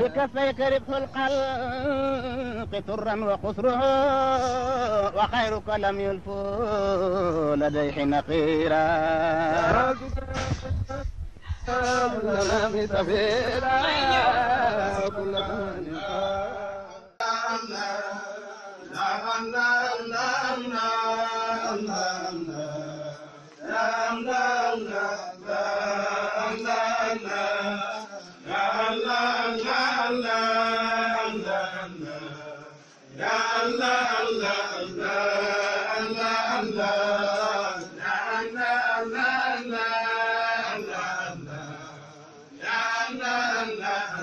بكفيك ربح القلق ترا وقسره وخيرك لم يلف لديه نقيرا Allah, Allah, Allah, Allah,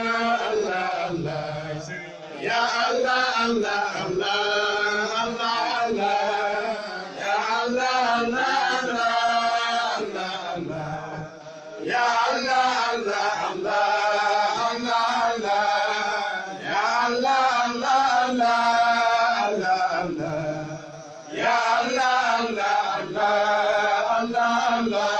Allah Allah ya Allah Allah Allah Allah Allah ya Allah Allah Allah Allah Allah ya Allah Allah Allah Allah Allah ya Allah Allah Allah Allah Allah ya Allah Allah Allah Allah Allah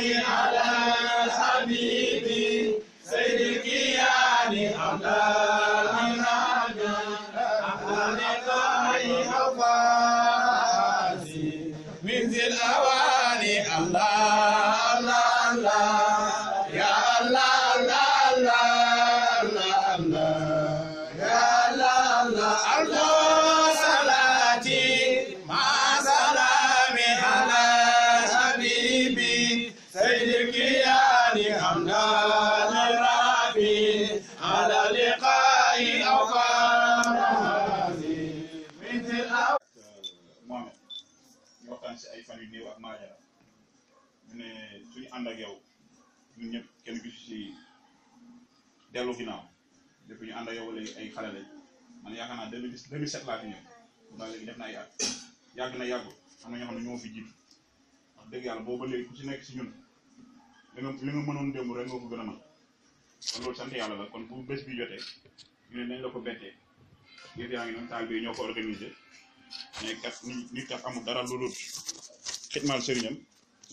الكريم على الحبيب سيد الكيان حمد الأنعام أحلى لقائي أفاسي من ذي الأواني الله الله الله يا الله الله الله الله يا الله الله الله ànd ak yow ñun ñëpp kenn gisu si dellu ginnaaw depuis ñu ànd ak yow léegi ay xale lañ man yaakaar naa deux mille dix deux mille laa fi ñëw bu baax léegi def na ay at yàgg na yàggul am ñoo xam ne ñoo fi jiitu wax dëgg yàlla booba léegi ku ci nekk si ñun li nga li nga mënoon démb rek nga ko gën a mën kon loolu sant yàlla la kon bu bés bi jotee ñu ne nañ la ko bettee yëf yaa ngi noonu taal bi ñoo ko organisé mais kat nit kat dara lu dul xitmaal sëriñam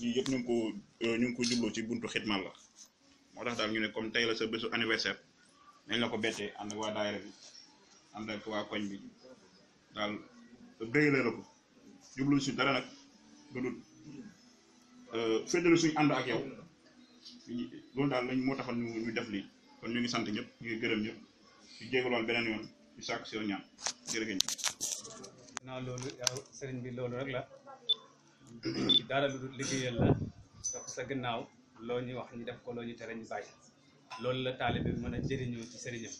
lii yëpp ñu ngi ko euh, ñu ngi ko jubloo ci buntu xitmal la moo tax daal ñu ne comme tey la sa bésu anniversaire nañ la ko bettee ànd ak waa daayira bi na ak waa koñ bi daal dégalee la ko jublu si dara nag du dul euh, fédéral suñu ànd ak yow loolu daal lañ moo taxoon ñu ñu def lii kon ñu ngi sant ñëpp ñu ngi gërëm ñëpp ñu jégaluwaal beneen yoon ñu sàkk si yoon ñaan jërëjëf. naa loolu yow sëriñ bi loolu rek la. dara lu dul liggéeyal la topp sa gannaaw loo ñuy wax ñu def ko loo ñu tere ñu bàyyi loolu la taalibe bi mën a jëriñoo ci sëriñam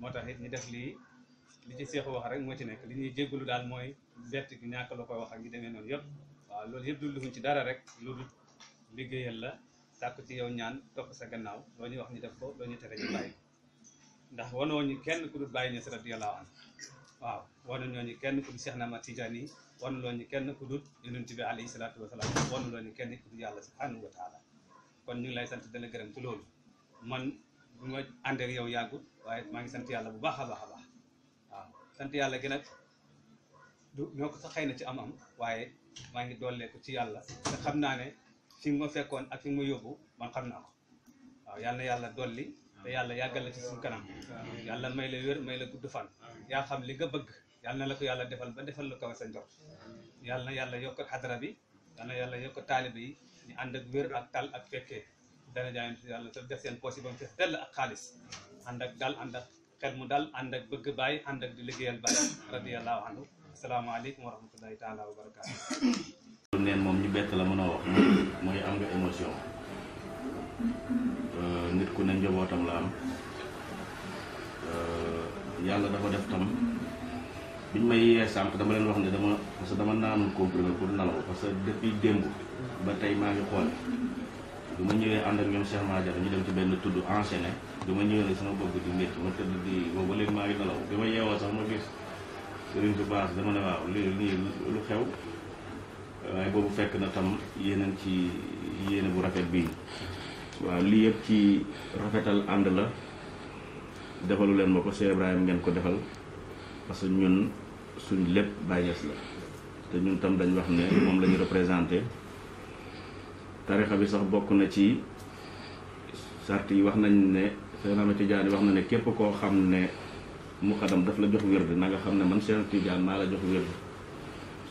moo tax it ñu def lii li ci seexu wax rek moo ci nekk li ñuy jéggulu daal mooy bett gi ñàkk la koy wax ak ñu demee noonu yëpp waaw loolu yëpp dul ci dara rek lu dul liggéeyal la sàkku ci yow ñaan topp sa gannaaw loo ñuy wax ñu def ko loo ñu tere ñu bàyyi ndax wanoo ñu kenn ku dul bàyyi ñes radiyallahu anhu waaw wanoo ñooñu kenn ku wanu loo kenn ku dul yonent bi alayhi salaatu wa salaam wanu loo ñu kenn ku dul yàlla subhanahu wa taala kon ñu lay sant dana gërëm ci loolu man bu ma ànd ak yow yàggut waaye maa ngi sant yàlla bu baax a baax a baax waaw sant yàlla gi nag ñoo ko sax xëy na ci am-am waaye maa ngi dooleeku ci yàlla te xam naa ne fi nga ma fekkoon ak fi ma yóbbu man xam naa ko waaw yal na yàlla dolli te yàlla yàggal la ci suñu kanam yàlla may la wér may la gudd fan yaa xam li nga yàlla na la ko yàlla defal ba defal lu kawe sa njort yàlla na yàlla yokk xadara bi yàlla yàlla yokk taalibe yi ñu ànd ak wér ak tal ak fekkee dana seen poche yi ba dal ànd ak mu dal ànd ak bëgg bàyyi ànd ak di liggéeyal bàyyi moom ñu la mën a wax mooy am nga euh, euh, yàlla dafa def tam ñu may yee sànq dama leen wax ne dama parce que dama naanu comprimé pour nalaw parce que depuis démb ba tey maa ngi xoole du ma ñëwee ànd ak ñoom Cheikh Madiara ñu dem ci benn tudd enchaîné bi ma ñëwee nag sama bopp di métti ma tëdd di boobu léegi maa ngi nalaw bi ma yeewoo sax ma gis sëriñ baax baas dama ne waaw lii lu xew waaye boobu fekk na tam yeneen ci yéene bu rafet bii waaw lii yëpp ci rafetal ànd la defalu leen ma ko Cheikh Ibrahima ngeen ko defal parce que ñun suñ lépp Baye Niass la te ñun tam dañ wax ne moom lañu ñu représenté tarixa bi sax bokk na ci sart yi wax nañ ne Seydina Ahmed Tidiane wax na ne képp koo xam ne mu muqadam daf la jox wérd na nga xam ne man Seydina Tidiane maa la jox wérd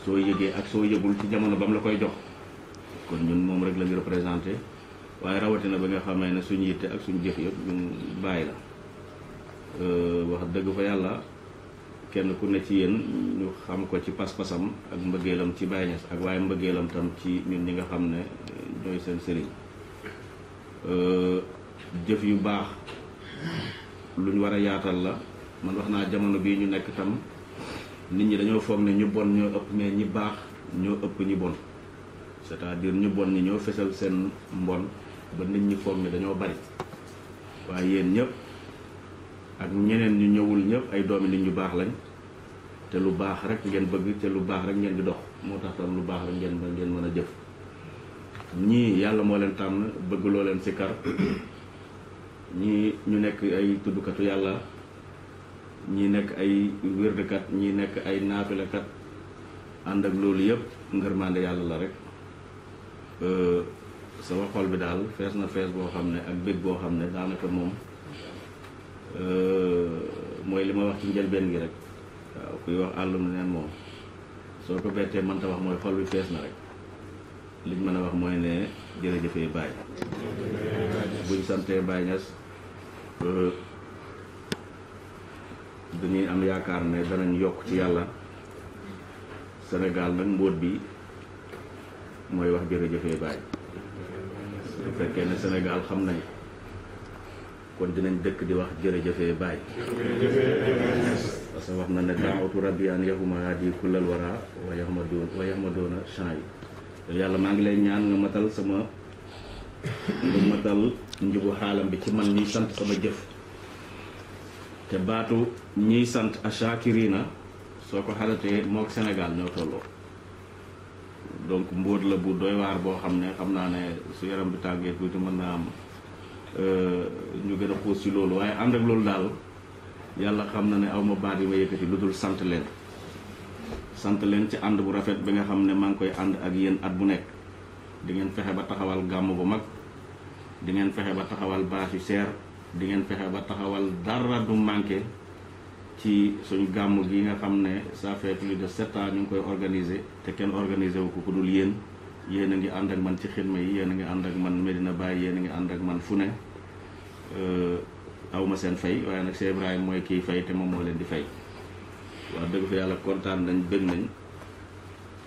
soo yëgee ak soo yëgul ci jamono ba la koy jox kon ñun moom rek la ñu représenté waaye rawatina ba nga xamee ne suñ yitte ak suñu jëf yëpp ñun bàyyi la euh, wax dëgg fa yàlla kenn ku ne ci yéen ñu xam ko ci pas-pasam ak mbëggeelam ci Baye ak waaye mbëggeelam tam ci ñun ñi nga xam ne eh, ñooy seen sëriñ euh, jëf yu baax lu ñu war a yaatal la man wax naa jamono bii ñu nekk tam nit ñi dañoo foog ne ñu bon ñoo ëpp mais ñi baax ñoo ëpp ñi bon c'est-à-dire ñu bon ñi ñoo fesal seen mbon ba nit ñi foog ne dañoo bari waaye yéen ñëpp ak ñeneen ñu ñëwul ñëpp ay doomi nit ñu baax lañ te lu baax rek ngeen bëgg te lu baax rek ngeen di dox moo tax tam lu baax rek ngeen ngeen mën a jëf ñii yàlla moo leen tànn bëgg loo leen sikar ñii ñu nekk ay tuddukatu yàlla ñii nekk ay wérdkat ñii nekk ay naafilakat ànd ak loolu yëpp ngërmande yàlla la rek euh, sama xol bi daal fees na fees boo xam ne ak bég boo xam ne daanaka moom Euh, mooy li ma wax ci njëlbeen gi rek waaw kuy wax àllum neen moom soo ko bettee mënta wax mooy xol bi fees na rek liñ mën a wax mooy ne jërëjëfee Baay buñ sante Baay Ñas dañuy am yaakaar ne danañ yokk ci yàlla Sénégal nag mbóot bi mooy wax jërëjëfee Baay bu fekkee ne Sénégal xam nañ kon dinañ dëkk di wax jërëjëfee Baye parce que wax na ne daawatu rabbi an yahuma hadi kullal wara wa yahma doon doona champs yi yàlla maa ngi lay ñaan nga matal sama nga matal njubu xaalam bi ci man ñuy sant sama jëf te baatu ñiy sant ashakirina soo ko xalatee mook senegal ñoo tolloo donc mbóot la bu doy waar boo xam ne xam naa ne su yaram bi tàngee tuuti mën naa am ñu gën a xuus ci loolu waaye ànd ak loolu daal yàlla xam na ne aw ma baat yi ma yëkkati lu dul sant leen sant leen ci ànd bu rafet bi nga xam ne maa ngi koy ànd ak yéen at bu nekk di ngeen fexe ba taxawal gàmm bu mag di ngeen fexe ba taxawal baas yu seer di ngeen fexe ba taxawal dara du manqué ci suñu gàmm gi nga xam ne ça fait plus def sept ñu ngi koy organiser te kenn organiser wu ko ku dul yéen yéen a ngi ànd ak man ci ma yi yéen a ngi ànd ak man Medina Baye yéen a ngi ànd ak man fu ne euh, awma seen fay waaye nag Cheikh Ibrahima mooy kii fay te moom moo leen di fay wax dëgg fa yàlla kontaan nañ bëgg nañ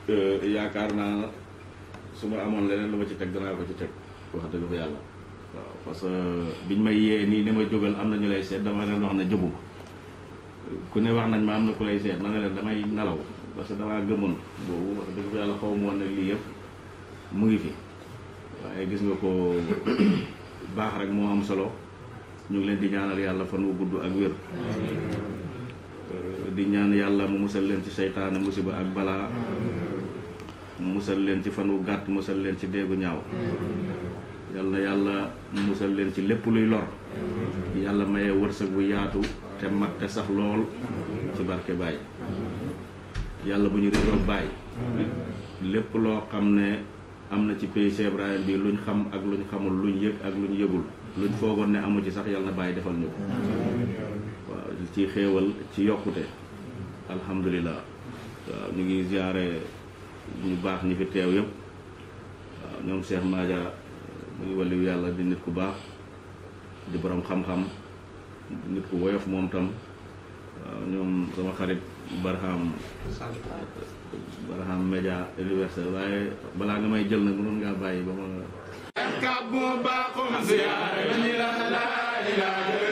euh, yaakaar naa su amoon leneen lu ma ci teg danaa ko ci teg wax dëgg fa yàlla waaw parce que ñu may yee nii ne ma jógal am na ñu lay seet dama leen wax na jógu ku ne wax nañ ma am na ku lay seet ma ne leen damay nelaw parce que damaa gëmoon boobu wax dëgg fa yàlla xaw ma woon ne lii yëpp mu ngi fi waaye gis nga ko baax rek moo am solo ñu ngi leen di ñaanal yàlla fan wu gudd ak wér di ñaan yàlla mu musal leen ci seytaane musiba ak balaa musal leen ci fan wu gàtt musal leen ci déegu ñaaw yàlla yàlla musal leen ci lépp luy lor yàlla maye wërsëg bu yaatu te mag sax lool ci barke Baye yàlla bu ñu réeroon Baye lépp loo xam ne am na ci pays Cheikh Ibrahim luñ xam ak luñ xamul luñ yëg ak luñ yëgul luñ foogoon ne amu ci sax yàlla na bàyyi defal ñu ko waaw ci xéewal ci yokkute alhamdulilah ñu ngi ziare ñu baax ñi fi teew yëpp waaw ñoom Cheikh Madia muy waliw yàlla di nit ku baax di boroom xam-xam nit ku woyof moom tam waaw ñoom sama xarit barham barham média universel waaye balaa nga may jël nag mënoon ngaa bàyyi ba ma.